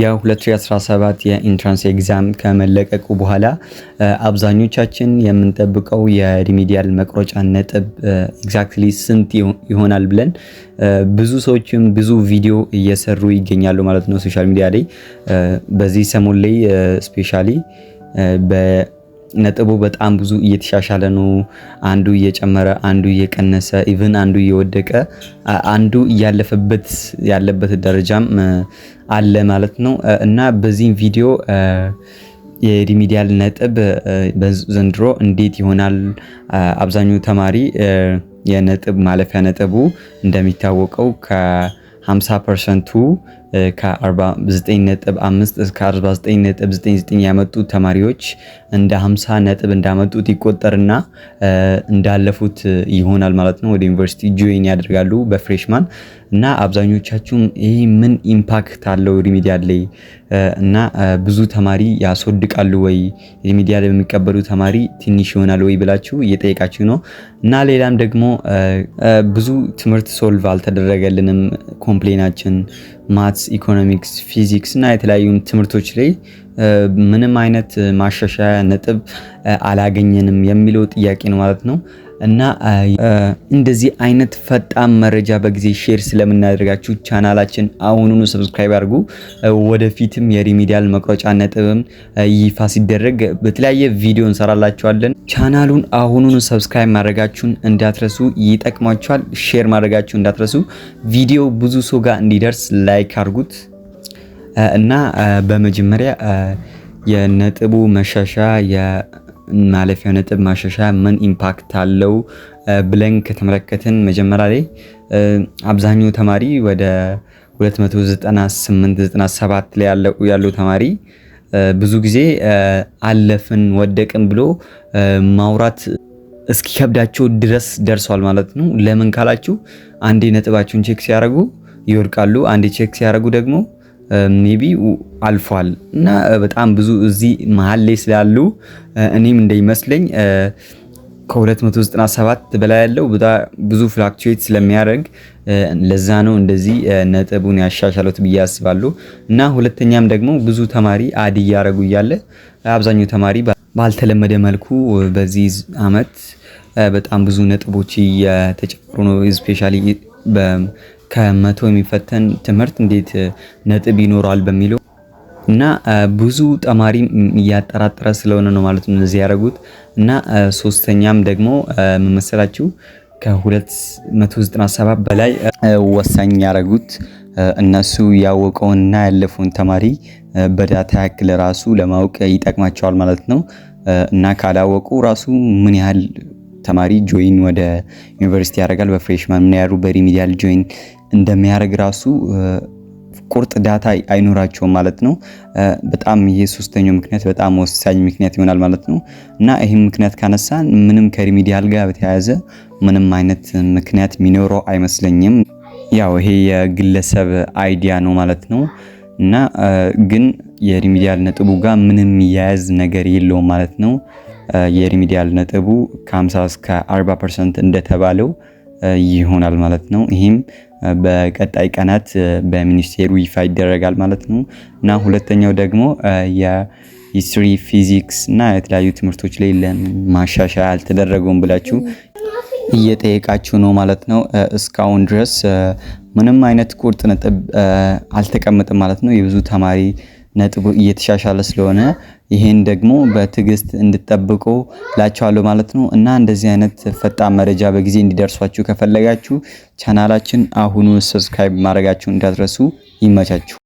የ2017 የኢንትራንስ ኤግዛም ከመለቀቁ በኋላ አብዛኞቻችን የምንጠብቀው የሪሚዲያል መቁረጫ ነጥብ ኤግዛክትሊ ስንት ይሆናል ብለን ብዙ ሰዎችም ብዙ ቪዲዮ እየሰሩ ይገኛሉ ማለት ነው ሶሻል ሚዲያ ላይ በዚህ ሰሞን ላይ ስፔሻሊ ነጥቡ በጣም ብዙ እየተሻሻለ ነው። አንዱ እየጨመረ አንዱ እየቀነሰ ኢቭን አንዱ እየወደቀ አንዱ እያለፈበት ያለበት ደረጃም አለ ማለት ነው እና በዚህም ቪዲዮ የሪሚዲያል ነጥብ ዘንድሮ እንዴት ይሆናል? አብዛኛው ተማሪ የነጥብ ማለፊያ ነጥቡ እንደሚታወቀው ከ50 ፐርሰንቱ ከ49.5 እስከ 49.99 ያመጡ ተማሪዎች እንደ 50 ነጥብ እንዳመጡት ይቆጠርና እንዳለፉት ይሆናል ማለት ነው። ወደ ዩኒቨርሲቲ ጆይን ያደርጋሉ በፍሬሽማን እና አብዛኞቻችሁም ይህ ምን ኢምፓክት አለው ሪሚዲያል ላይ እና ብዙ ተማሪ ያስወድቃሉ ወይ ሪሚዲያል የሚቀበሉ ተማሪ ትንሽ ይሆናል ወይ ብላችሁ እየጠየቃችሁ ነው። እና ሌላም ደግሞ ብዙ ትምህርት ሶልቭ አልተደረገልንም ኮምፕሌናችን ማት ኢኮኖሚክስ፣ ፊዚክስ እና የተለያዩ ትምህርቶች ላይ ምንም አይነት ማሻሻያ ነጥብ አላገኘንም የሚለው ጥያቄ ነው ማለት ነው። እና እንደዚህ አይነት ፈጣን መረጃ በጊዜ ሼር ስለምናደርጋችሁ ቻናላችን አሁኑኑ ሰብስክራይብ አድርጉ። ወደፊትም የሪሚዲያል መቁረጫ ነጥብም ይፋ ሲደረግ በተለያየ ቪዲዮ እንሰራላችኋለን። ቻናሉን አሁኑኑ ሰብስክራይብ ማድረጋችሁን እንዳትረሱ፣ ይጠቅማችኋል። ሼር ማድረጋችሁ እንዳትረሱ። ቪዲዮ ብዙ ሰው ጋር እንዲደርስ ላይክ አድርጉት እና በመጀመሪያ የነጥቡ መሻሻ ማለፊያ ነጥብ ማሻሻያ ምን ኢምፓክት አለው ብለን ከተመለከትን መጀመሪያ ላይ አብዛኛው ተማሪ ወደ 29897 ላይ ያለው ተማሪ ብዙ ጊዜ አለፍን ወደቅን ብሎ ማውራት እስኪከብዳቸው ድረስ ደርሷል ማለት ነው። ለምን ካላችሁ አንዴ ነጥባችሁን ቼክ ሲያደርጉ ይወድቃሉ። አንዴ ቼክ ሲያደርጉ ደግሞ ሜቢ አልፏል እና በጣም ብዙ እዚህ መሀል ላይ ስላሉ እኔም እንደሚመስለኝ ከ297 በላይ ያለው ብዙ ፍላክቹዌት ስለሚያደርግ ለዛ ነው እንደዚህ ነጥቡን ያሻሻሉት ብዬ አስባለሁ። እና ሁለተኛም ደግሞ ብዙ ተማሪ አድ እያደረጉ እያለ አብዛኛው ተማሪ ባልተለመደ መልኩ በዚህ አመት በጣም ብዙ ነጥቦች እየተጨመሩ ነው። ስፔሻሊ ከመቶ የሚፈተን ትምህርት እንዴት ነጥብ ይኖረዋል በሚለው እና ብዙ ተማሪ እያጠራጠረ ስለሆነ ነው ማለት ነው እነዚህ ያደረጉት። እና ሶስተኛም ደግሞ መመሰላችሁ ከ297 በላይ ወሳኝ ያደረጉት እነሱ ያወቀውንና ያለፈውን ተማሪ በዳታ ያክል ራሱ ለማወቅ ይጠቅማቸዋል ማለት ነው። እና ካላወቁ ራሱ ምን ያህል ተማሪ ጆይን ወደ ዩኒቨርሲቲ ያደርጋል በፍሬሽማን ምን ያህሉ በሪሚዲያል ጆይን እንደሚያደርግ ራሱ ቁርጥ ዳታ አይኖራቸውም ማለት ነው። በጣም ይህ ሶስተኛው ምክንያት በጣም ወሳኝ ምክንያት ይሆናል ማለት ነው እና ይህም ምክንያት ካነሳን ምንም ከሪሚዲያል ጋር በተያያዘ ምንም አይነት ምክንያት የሚኖረው አይመስለኝም። ያው ይሄ የግለሰብ አይዲያ ነው ማለት ነው እና ግን የሪሚዲያል ነጥቡ ጋር ምንም የያዝ ነገር የለውም ማለት ነው። የሪሚዲያል ነጥቡ ከ50 እስከ 40 ፐርሰንት እንደተባለው ይሆናል ማለት ነው ይህም በቀጣይ ቀናት በሚኒስቴሩ ይፋ ይደረጋል ማለት ነው እና ሁለተኛው ደግሞ የሂስትሪ፣ ፊዚክስ እና የተለያዩ ትምህርቶች ላይ ለማሻሻያ አልተደረገውም ብላችሁ እየጠየቃችሁ ነው ማለት ነው። እስካሁን ድረስ ምንም አይነት ቁርጥ ነጥብ አልተቀመጠም ማለት ነው የብዙ ተማሪ ነጥቡ እየተሻሻለ ስለሆነ ይሄን ደግሞ በትዕግስት እንድትጠብቁ ላችኋለሁ ማለት ነው። እና እንደዚህ አይነት ፈጣን መረጃ በጊዜ እንዲደርሷችሁ ከፈለጋችሁ ቻናላችን አሁኑ ሰብስክራይብ ማድረጋችሁ እንዳትረሱ። ይመቻችሁ።